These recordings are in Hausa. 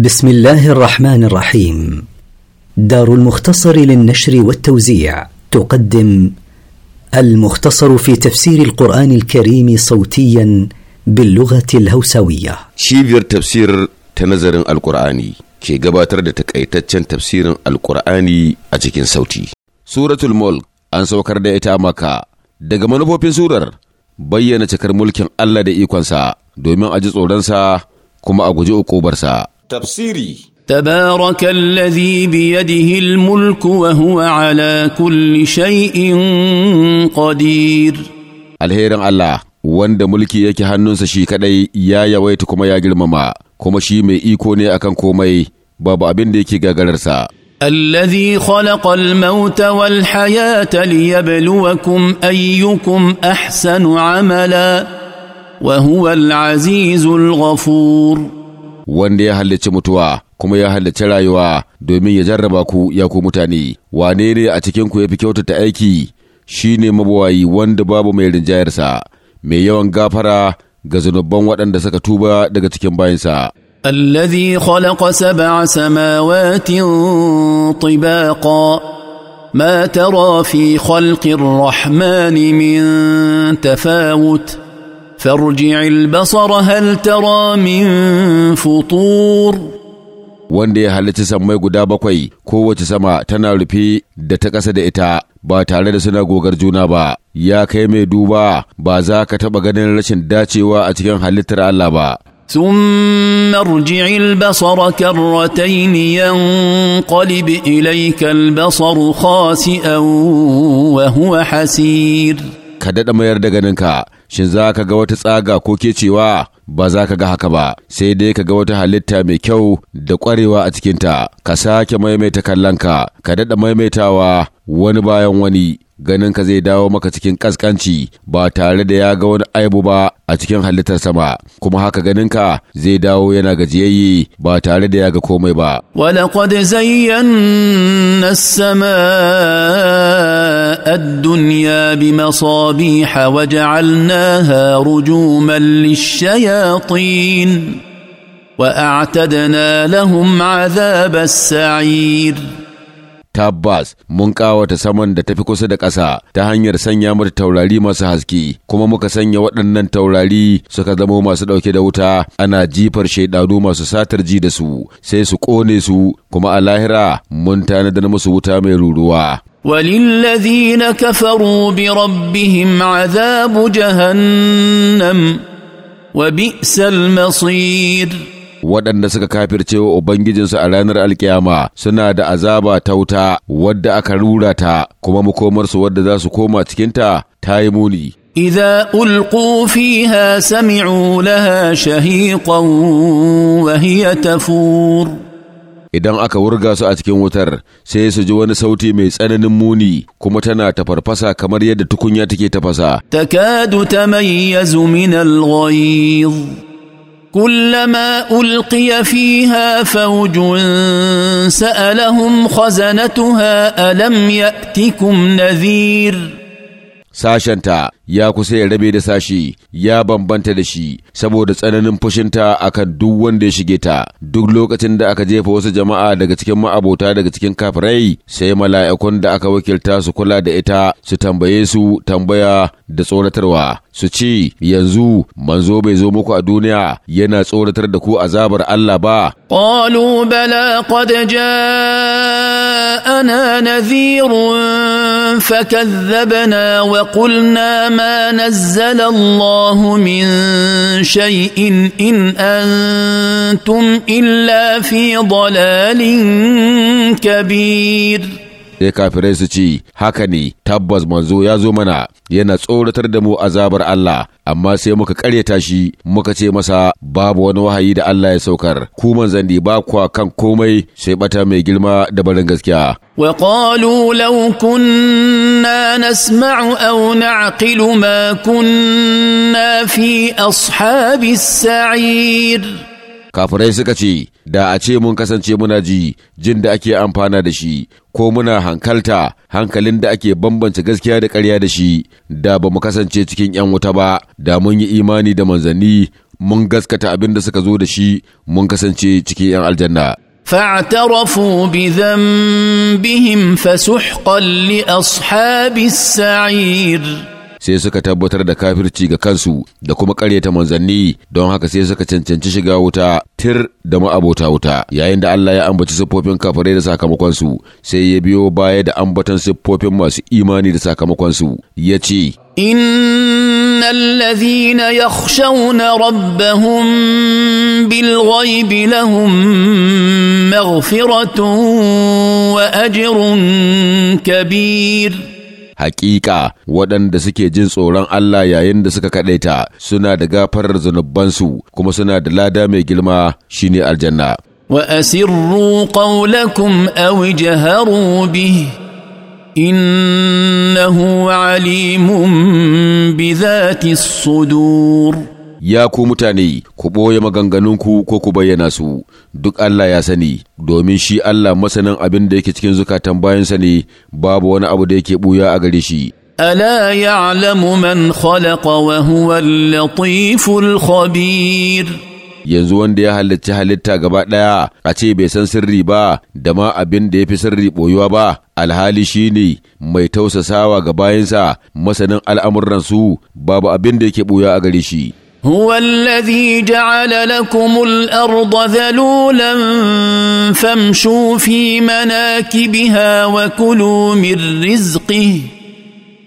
بسم الله الرحمن الرحيم دار المختصر للنشر والتوزيع تقدم المختصر في تفسير القرآن الكريم صوتيا باللغة الهوسوية شيفير تفسير تنظر القرآني كي قباتر تكأيتتشن تفسير القرآني أجيكين صوتي سورة الملك أن سوكر دائتا مكا دقمان بوبين سورر bayyana cikar mulkin Allah da دوما أجيس a ji tsoronsa kuma a guji ukubarsa. تفسيري تبارك الذي بيده الملك وهو على كل شيء قدير الهيرن الله wanda mulki yake hannunsa shi kadai يا yawaita كما ya girmama كما شي مي iko ne akan komai babu abin da yake gagararsa الذي خلق الموت والحياة ليبلوكم أيكم أحسن عملا وهو العزيز الغفور wanda ya halicci mutuwa kuma ya halicci rayuwa domin ya jarraba ku ya ku mutane wane ne a cikin ku ya yafi kyautata aiki shine mabawayi wanda babu mai rinjayarsa mai yawan gafara ga zunuban waɗanda suka tuba daga cikin bayansa الذي خلق سبع سماوات طباقا ما ترى في خلق الرحمن من تفاوت فارجع البصر هل ترى من فطور wanda ya halarci sammai guda bakwai kowace sama tana rufe da ta ƙasa da ita ba tare da suna gogar juna ba ya kai mai duba ba za ka taɓa ganin rashin dacewa a cikin halittar Allah ba ثم ارجع البصر كرتين ينقلب اليك البصر خاسئا وهو حسير ka daɗa mayar da ganinka shin za ka ga wata tsaga ko ke cewa ba za ka ga haka ba sai dai ka ga wata halitta mai kyau da ƙwarewa a cikinta ka sake maimaita kallonka ka daɗa maimaitawa wani bayan wani ganinka zai dawo maka cikin kaskanci ba tare da ya ga wani aibu ba a cikin halittar sama kuma haka ganinka zai dawo yana gajiyayye ba tare da ya ga komai ba walaqad zayyana as samaaa ad-dunya bi bimasabiha waja'alnaha rujuman lish-shayatin wa a'tadna lahum 'adhab as-sa'ir tabbas mun ƙawata saman da tafi kusa da ƙasa ta hanyar sanya mata taurari masu haske kuma muka sanya waɗannan taurari suka zamo masu ɗauke da wuta ana jifar shaidanu masu satar ji da su sai su ƙone su kuma a lahira mun tanadar musu wuta mai ruruwa وللذين كفروا بربهم عذاب جهنم وبئس المصير waɗanda suka kafirce wa Ubangijinsu a ranar alkiyama suna da azaba ta wuta wadda aka rura ta kuma makomarsu wadda za su koma cikinta ta yi muni. iza ألقوا sami'u laha لها شهيقا وهي tafur. idan aka wurga su a cikin wutar sai su ji wani sauti mai tsananin muni kuma tana tafarfasa kamar yadda tukunya take tafasa takadu tamayyazu min al كلما القي فيها فوج سالهم خزنتها الم ياتكم نذير ساشنتا ya kusa ya rabe da sashi ya bambanta da shi saboda tsananin fushinta akan duk wanda ya shige ta duk lokacin da aka jefa wasu jama'a daga cikin ma'abota daga cikin kafirai sai mala'ikun da aka wakilta su kula da ita su tambaye su tambaya da tsoratarwa su ce yanzu manzo bai zo muku a duniya yana tsoratar da ku azabar Allah ba qalu bala qad ja'ana nadhirun fakazzabna wa qulna نزل الله من شيء ان انتم الا في ضلال كبير sai kafirai su ci haka ne tabbas manzo ya zo mana yana tsoratar da mu azabar Allah amma sai muka karyata shi muka ce masa babu wani wahayi da Allah ya saukar ku manzanni ba kwa kan komai sai bata mai girma da barin gaskiya وقالوا لو كنا نسمع او نعقل ما كنا في اصحاب السعير kafirai suka ce da a ce mun kasance muna ji jin da ake amfana da shi ko muna hankalta hankalin da ake bambance gaskiya da karya da shi da ba mu kasance cikin 'yan wuta ba da mun yi imani da manzanni mun gaskata abin da suka zo da shi mun kasance cikin 'yan aljanna فاعترفوا بذنبهم فسحقا لاصحاب السعير sai suka tabbatar da kafirci ga kansu da kuma ƙaryata manzanni don haka sai suka cancanci shiga wuta tir da ma'abota wuta yayin da Allah ya ambaci siffofin kafirai da sakamakonsu sai ya biyo baya da ambatan siffofin masu imani da sakamakonsu ya ce ان الذين يخشون ربهم بالغيب لهم مغفرة وأجر كبير hakika waɗanda suke jin tsoron Allah yayin da suka kaɗaita suna da gafarar zunubansu kuma suna da lada mai girma shine aljanna. Wa asirru qawlakum aw jaharu bih innahu alimun bi sudur ya ku mutane, ku ɓoye maganganunku ko ku bayyana su, duk Allah ya sani, domin shi Allah masanin abin da yake cikin zukatan bayansa ne, babu wani abu da yake ɓuya a gare shi. ألا يعلم من خلق وهو اللطيف الخبير yanzu wanda ya halarci halitta gaba ɗaya a ce bai san sirri ba da ma abin da ya fi sirri ɓoyuwa ba alhali shi ne mai tausasawa ga bayansa masanin al'amuransu babu abin da yake buya a gare shi. هو الذي جعل لكم الارض ذلولا فامشوا في مناكبها وكلوا من رزقه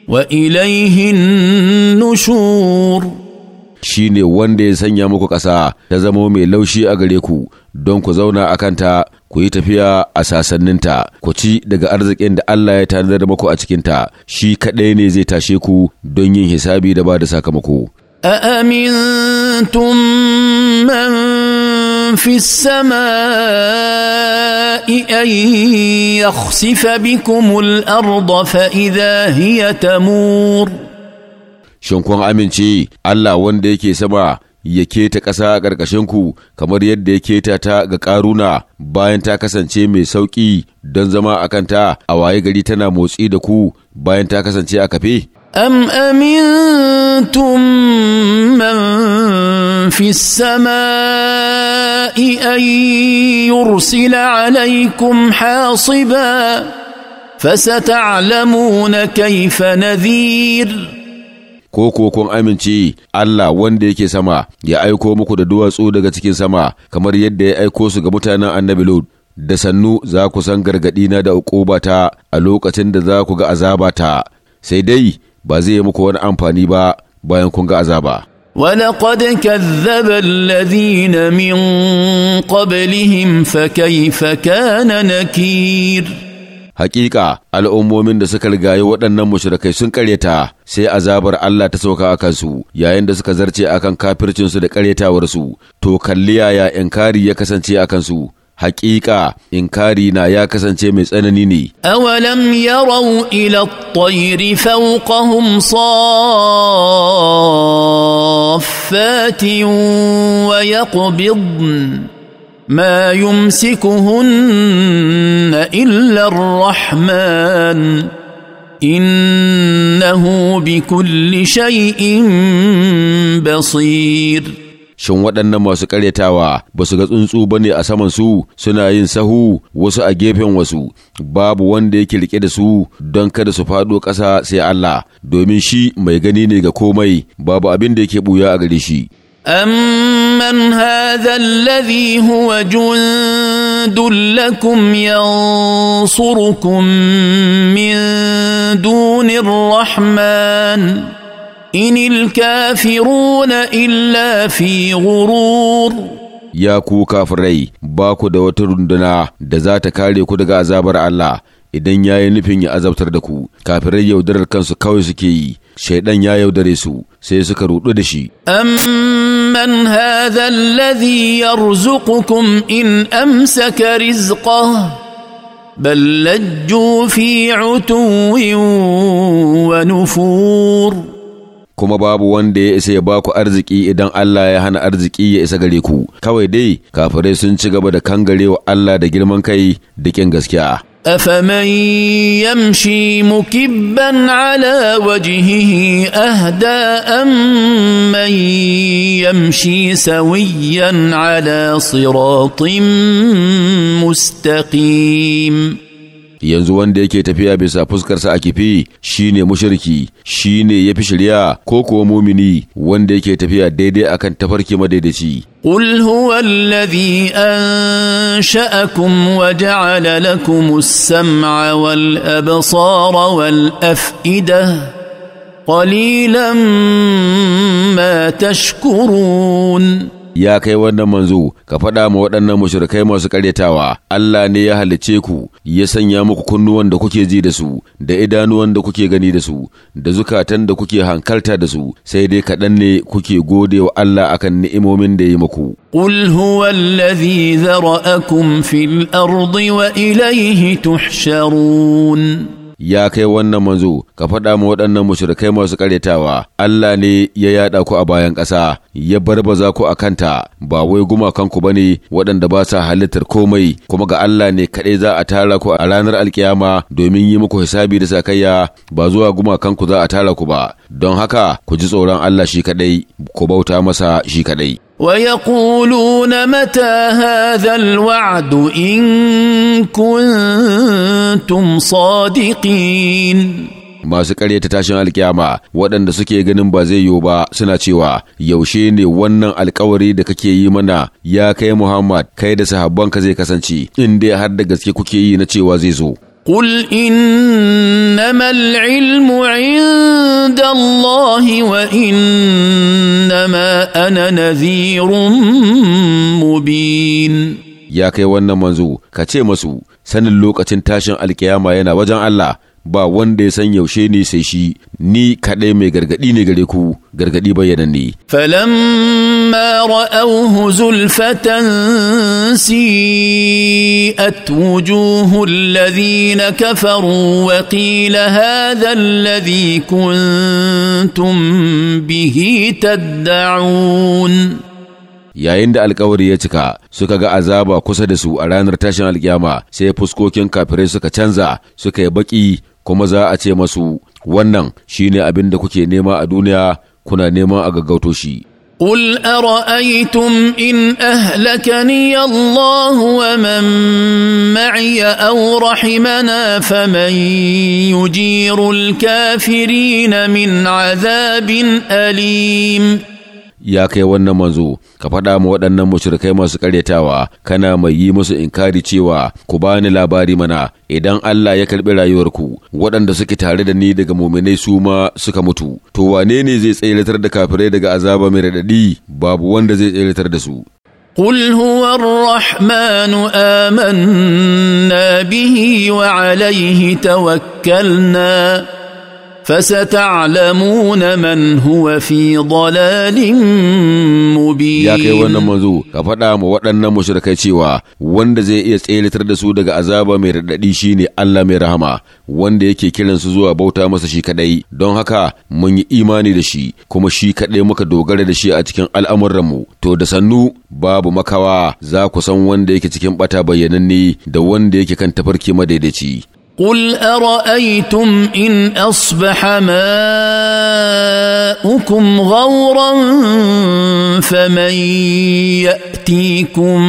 واليه النشور shi ne wanda ya sanya muku ƙasa ta zama mai laushi a gare ku don ku zauna a kanta ku yi tafiya a sasanninta ku ci daga arzikin da Allah ya tanadar muku a cikinta shi kaɗai ne zai tashe ku don yin hisabi da ba da sakamako أأمنتم من في السماء أن يخسف بكم الأرض فإذا هي تمور Shin kun amince Allah wanda yake sama ya keta ƙasa a ƙarƙashinku kamar yadda ya keta ta ga ƙaruna bayan ta kasance mai sauƙi don zama a kanta a waye gari tana motsi da ku bayan ta kasance a kafe? أم أمنتم من في السماء أن يرسل عليكم حاصبا فستعلمون كيف نذير ko ko kun amince Allah wanda yake sama ya aiko muku da duwatsu daga cikin sama kamar yadda ya aiko su ga mutanen annabi Lut da sannu za ku san gargaɗina da ukubata a lokacin da za ku ga azabata sai dai ba zai yi muku wani amfani ba bayan kun ga azaba. ولقد كذب الذين من قبلهم فكيف na نكير Hakika al'ummomin da suka rigaye waɗannan mushrikai sun ƙaryata sai azabar Allah ta sauka a kansu yayin da suka zarce akan kafircinsu da ƙaretawarsu, to kalli yaya kari ya kasance a kansu حقيقة كارينا يا كسن تيمس أنني أولم يروا إلى الطير فوقهم صافات ويقبضن ما يمسكهن إلا الرحمن إنه بكل شيء بصير shin waɗannan masu ƙaryatawa ba su ga tsuntsu ba ne a saman su suna yin sahu wasu a gefen wasu babu wanda yake rike da su don kada su faɗo ƙasa sai Allah domin shi mai gani ne ga komai babu abin da yake ɓuya a gare shi. أمن هذا الذي هو جند لكم ينصركم من دون الرحمن إن الكافرون إلا في غرور يا كو كافري باكو da wata runduna da za ta kare ku daga azabar Allah idan ya yi nufin ya azabtar da ku kafirai yaudarar kansu kawai suke yi shaidan ya yaudare su sai suka rudu da shi amman hadha alladhi yarzuqukum in amsaka rizqahu بل لجوا في عتو ونفور kuma babu wanda ya isa ya ba ku arziki idan Allah ya hana arziki ya isa gare ku kawai dai kafirai sun ci gaba da kangare wa Allah da girman kai da kin gaskiya أفمن يمشي مكبا على وجهه أهدى أمن يمشي سويا على صراط مستقيم yanzu wanda yake tafiya bisa fuskarsa a kifi shine mushriki shine yafi shirya ko kuwa mumini wanda yake tafiya daidai akan tafarki madaidaici قل هو الذي انشاكم وجعل لكم السمع والابصار والافئده قليلا ما تشكرون ya kai wannan manzo ka faɗa ma waɗannan mashirkai masu karyatawa. Allah ne ya halicce ku ya sanya muku kunnuwan da kuke ji da su da idanuwan da kuke gani da su da zukatan da kuke hankalta da su sai dai kaɗan ne kuke gode wa Allah akan ni'imomin da ya muku قل هو الذي ذرأكم في الأرض وإليه تحشرون ya kai wannan manzo ka faɗa ma waɗannan mushrikai masu karyatawa Allah ne ya yaɗa ku a bayan ƙasa ya barbaza ku a kanta ba wai gumakanku bane waɗanda ba sa halittar komai kuma ga Allah ne kaɗai za a tara ku a ranar alkiyama domin yi muku hisabi da sakayya ba zuwa gumakanku za a tara ku ba don haka ku ji tsoron Allah shi kaɗai ku bauta masa shi kaɗai ويقولون متى هذا الوعد ان كنتم صادقين masu ta tashin alkiyama waɗanda suke ganin ba zai yiwu ba suna cewa yaushe ne wannan alkawari da kake yi mana ya kai muhammad kai da sahabbanka zai kasance in dai har da gaske kuke yi na cewa zai zo قل انما العلم عند الله وانما انا نذير مبين ya kai wannan manzo ka ce masu sanin lokacin tashin alkiyama yana wajen Allah ba wanda ya san yaushe ne sai shi ni kaɗai mai gargaɗi ne gare ku gargaɗi ne. bayyananne. فلما رأوه زلفة سيئت وجوه الذين كفروا وقيل هذا الذي bihi ta تدعون yayin da alkawari ya cika suka ga azaba kusa da su a ranar tashin alkiyama sai fuskokin kafirai suka canza suka yi baƙi kuma za a ce masu wannan shine abin da kuke nema a duniya kuna nema a gaggauto shi قل أرأيتم إن أهلكني الله ومن معي أو رحمنا فمن يجير الكافرين من عذاب أليم' ya kai wannan manzo ka faɗa ma waɗannan mushrikai masu karyatawa kana mai yi musu inkari cewa ku bani labari mana idan Allah ya karɓi rayuwarku waɗanda suke tare da ni daga muminai su ma suka mutu to wane ne zai tsayyatar da kafirai daga azaba mai raɗaɗi babu wanda zai tsayyatar da su قل هو الرحمن آمنا به وعليه توكلنا فستعلمون من هو في ضلال مبين ya kai wannan manzo ka faɗa ma waɗannan mushrikai cewa wanda zai iya tseratar da su daga azaba mai raɗaɗi shine Allah mai rahama wanda yake kiran su zuwa bauta masa shi kadai don haka mun yi imani da shi kuma shi kadai muka dogara da shi a cikin al'amuranmu to da sannu babu makawa za ku san wanda yake cikin bata bayyananne da wanda yake kan tafarki madaidaici قل ارايتم ان اصبح ماؤكم غورا فمن ياتيكم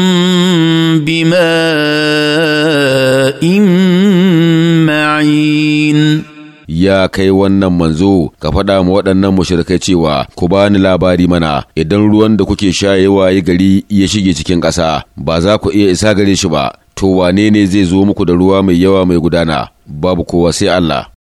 بماء معين ya kai wannan manzo ka faɗa ma waɗannan mushrikai cewa ku bani labari mana idan ruwan da kuke shayewa ya gari ya shige cikin ƙasa ba za ku iya isa gare shi ba to wane ne zai zo muku da ruwa mai yawa mai gudana babu kowa sai Allah